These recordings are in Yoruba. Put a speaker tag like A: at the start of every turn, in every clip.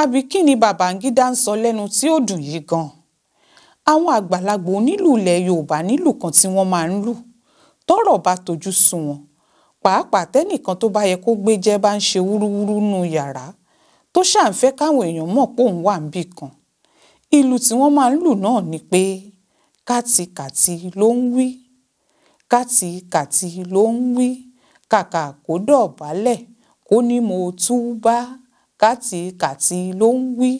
A: àbí kí ni Babangida ń sọ lẹ́nu tí ó dùn yìí gan-an àwọn àgbàlagbà onílù ilẹ̀ Yorùbá nílù kan tí wọ́n máa ń lù tọ́rọ̀ bá tojú sùn wọn pàápàá tẹ́nìkan tó bá yẹ kó gbé jẹ́ bá ń ṣe wúrúwúrú nù yàrá tó ṣàǹfẹ́ káwọn èèyàn mọ̀ pé òun wà níbì kan ìlù tí wọ́n máa ń lù náà ni pé kàtìkàtì ló ń wí kàtìkàtì ló ń wí kàkà kó dọ̀bálẹ̀ kó ní mo tú bá kàtìkàtì ló ń wí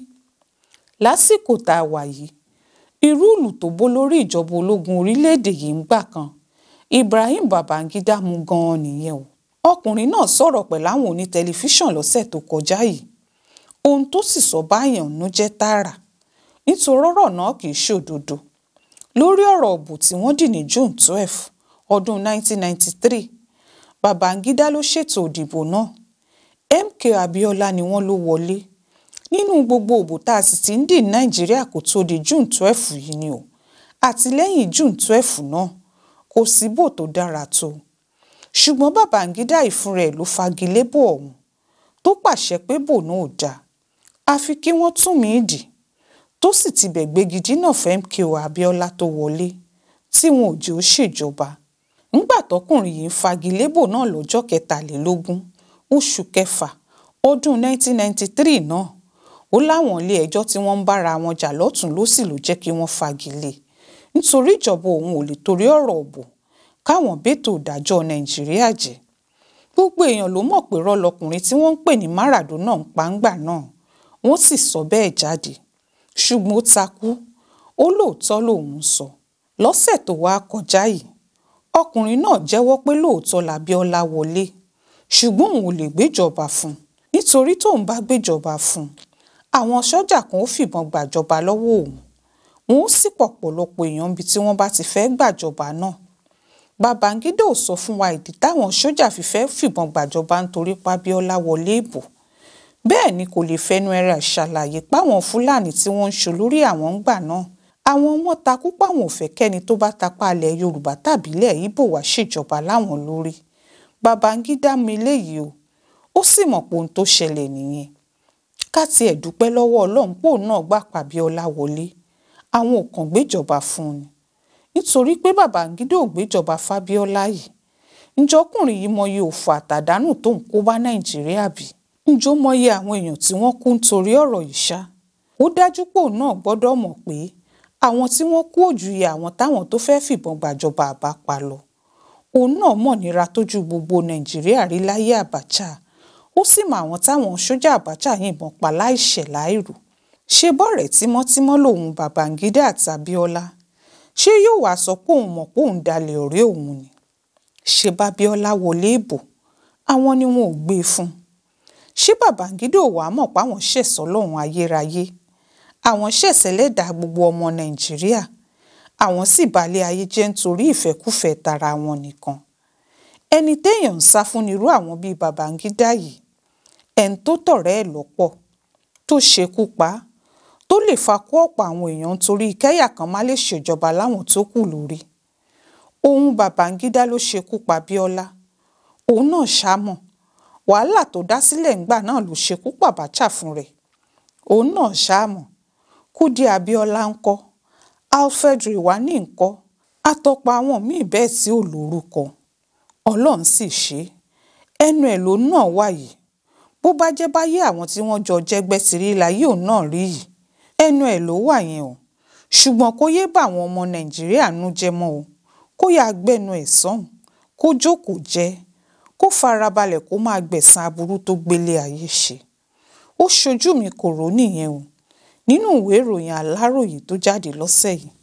A: lásìkò tá a wà yìí irú ìlù tó bó lórí ìjọba ológun orílẹ̀-èdè yìí ń gbà kan Ibrahim Babangida mú gan-an nìyẹn o ọkùnrin náà sọ̀rọ̀ pẹ̀lú àwọn onítẹlifíṣàn lọ́sẹ̀ tó kọjá yìí ohun tó sì sọ báyàn nú jẹ́ tààrà nítorí ọ̀rọ̀ náà kì í ṣòdodo lórí ọ̀rọ̀ ọ̀bù tí wọ́n dì ní June twelve ọdún 1993 Babangida ló ṣètò òdìbò náà Gòkè Abíọ́lá ni wọ́n ló wọlé nínú gbogbo òbò tá a sì ti ń dì Nàìjíríà kò tó di June twelve yìí ni o àtìlẹ́yìn June twelve náà kò síbò tó dára tó ṣùgbọ́n Babangida ìfún rẹ̀ ló fagilé bò ọ̀hún tó pàṣẹ pé bò náà ò dáa àfi kí wọ́n tún mí dì tó sì ti bẹ̀gbẹ́gi dínà fẹ́ MKO tó wọlé tí wọn ò jẹ́ ó ṣèjọba nígbà tọkùnrin yìí ń fagilé bò náà lọ́jọ́ kẹtàlélógún oṣù kẹfà ọdún 1993 náà ó láwọn ilé ẹjọ́ tí wọ́n ń bára wọn jà lọ́tún lọ́sì ló jẹ́ kí wọ́n fagilé nítorí ìjọba òun ò lè torí ọ̀rọ̀ ọ̀bọ̀ káwọn bẹ́tò ìdájọ́ nàìjíríà jẹ́ gbogbo èèyàn ló mọ̀ pé rọ́lọ́kùnrin tí wọ́n ń pè ní Maradona ń pàǹgbà náà wọ́n sì sọ bẹ́ẹ̀ jáde ṣùgbọ́n ó takú ó lóòótọ́ lòun sọ lọ́sẹ̀ tó wá kọjá yìí ọkùnrin náà jẹ́wọ́ pé lóòótọ́ làbíọ́lá wọlé ṣùgbọ́n òun ò lè gbéjọba fún un nítorí tóun bá gbéjọba fún un àwọn sọ́jà kan ó fìbọn gbàjọba lọ́wọ́ òun wọn ó sì pọ̀pọ̀lọpọ̀ èèyàn bíi tí wọ́n bá ti fẹ́ gbàjọba náà Babangida ò sọ fún wa ìdí táwọn sójà fi fẹ́ fìbọn gbàjọba nítorí pábíọ́lá wọlé ìbò bẹ́ẹ̀ ni kò lè fẹnu ẹra ṣàlàyé páwọn fúlàní tí wọ́n ń ṣe lórí àwọn ńgbà náà àwọn wọn takú páwọn ò fẹ́ kẹ́ni tó bá tapá alẹ̀ yorùbá tàbílẹ̀ ibo wá ṣèjọba láwọn lórí Babangida mi léyìí o ó sì mọ̀ pé ohun tó ṣẹlẹ̀ nìyẹn ká tiẹ̀ dúpẹ́ lọ́wọ́ ọlọ́run pò náà gbà Pàbíọlá wọlé àwọn ò kàn gbéjọba fún ni nítorí pé Babangida ò gbéjọba fábíọ́lá yìí ǹjọ́kùnrin yìí mọyì òfò àtàdánù tó ń kó bá Nàìjíríà bí ǹjọ́ mọyì àwọn èèyàn tí wọ́n kú nítorí ọ̀rọ̀ yìí ṣá ó dájú pò náà gbọ́dọ̀ mọ̀ pé àwọn tí wọ́n kú òjú yẹ àwọn táwọn tó fẹ́ fìbọn gbàjọba àbá pa lọ òun náà mọ̀ nira tójú gbogbo Nàìjíríà rí láyé Abacha ó sì mọ àwọn táwọn sójà Abacha yìnbọn pa láìṣẹ̀ láìrò ṣe bọ́ọ̀rẹ́ tímọ́tímọ́ lòun Babangida àtàbíọ́lá ṣé yóò wá sọ pé òun mọ̀ pé òun dalẹ̀ ọ̀rẹ́ òun ni ṣe bábíọ́lá wọlé ìbò àwọn ni wọn ò gbé e fún ṣé Babangida ò wá mọ̀ páwọn ṣẹ̀sọ́ lọ́hùn ayérayé àwọn ṣẹ̀sẹ̀ lẹ́dàá gbogbo ọmọ nàìjíríà àwọn sì balẹ̀ ayé jẹ́ nítorí ìfẹ́kúfẹ̀ẹ́ tara wọn nìkan ẹni téèyàn ń sá fún nírú àwọn bíi Babangida yìí ẹni tó tọ̀rẹ́ ẹ̀ lọ́pọ̀ tó ṣekú pa tó lè fakú ọ̀pọ̀ àwọn èèyàn torí kẹ́yà kan má lè ṣèjọba láwọn tó kù lórí òun Babangida ló ṣekú pa Bíọ́lá òun náà ṣámọ̀ wàhálà tó dá sílẹ̀ ńgbà náà ló ṣekú pa Abacha fún rẹ̀ òun náà ṣámọ̀ Kúdí Abíọ́lá ńkọ́ Alfred Rìwánì ńkọ́ àtọ̀pọ̀ àwọn míì bẹ́ẹ̀ tí ò Ọlọ́run sì ṣe ẹnu ẹ̀ ló náà wà bó bá jẹ́ báyé àwọn tí wọ́n jọ jẹ́gbẹ́ sí rí láyé òun náà rí yìí ẹnu ẹ̀ ló wà yẹn o ṣùgbọ́n kó yé bá àwọn ọmọ nàìjíríà nú jẹ mọ́ o kó yáa gbẹnu ẹ̀ sọ́hùn kó jókòó jẹ́ kó farabalẹ̀ kó máa gbẹ̀san aburú tó gbélé ayé ṣe ó ṣojú mi kò rò nìyẹn o nínú ìwé ìròyìn aláròyé tó jáde lọ́sẹ̀ yìí